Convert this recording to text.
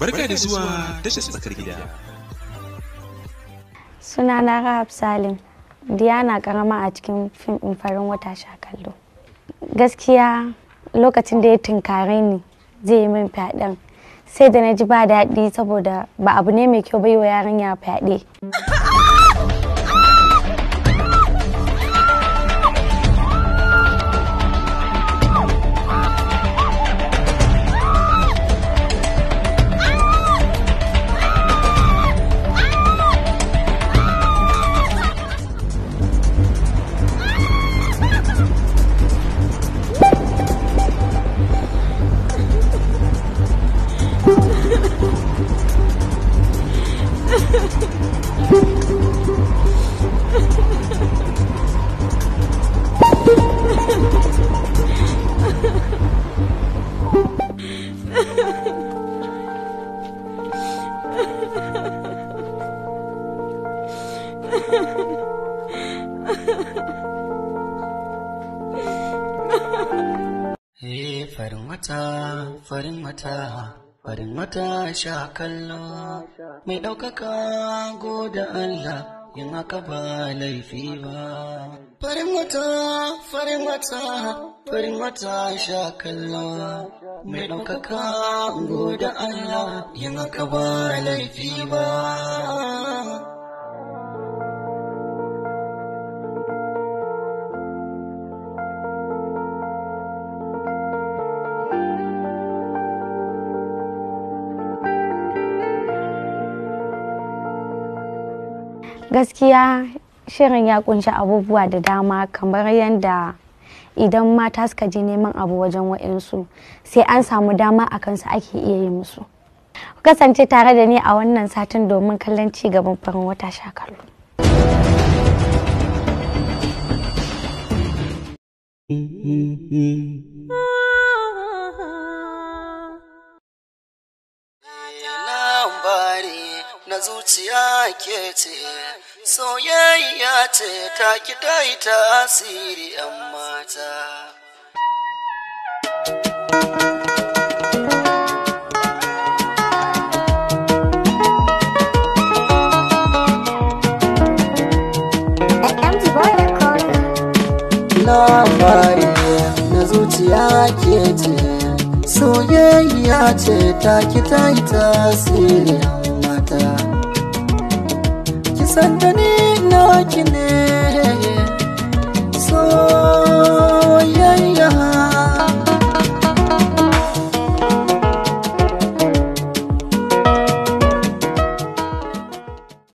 Barka da zuwa tashar tsakar gida. Suna na Rahab Salim, Diana karama a cikin fim ɗin farin wata sha kallo. Gaskiya lokacin da ya tunkare ni zai yi min fyaɗen. Sai da na ji ba daɗi saboda ba abu ne mai kyau bai wa yarinya fyaɗe. Eh, farin wata farin wata sha kallo mai ɗaukaka goda Allah in aka ba laifi ba farin wata farin wata farin wata sha kallo mai ɗaukaka goda Allah in aka ba laifi ba gaskiya shirin ya kunshi abubuwa da dama kamar yadda idan mata suka je neman abu wajen wa'insu sai an samu dama a kansu ake iya yi musu kasance tare da ni a wannan satin domin kallon ci gaban farin wata shakalu. Mm-hmm. na zuciya ke ce soyayya ce ta ki ta yi tasiri mata labari na zuciya ce soyayya ce ta ki ta yi tasiri watching this.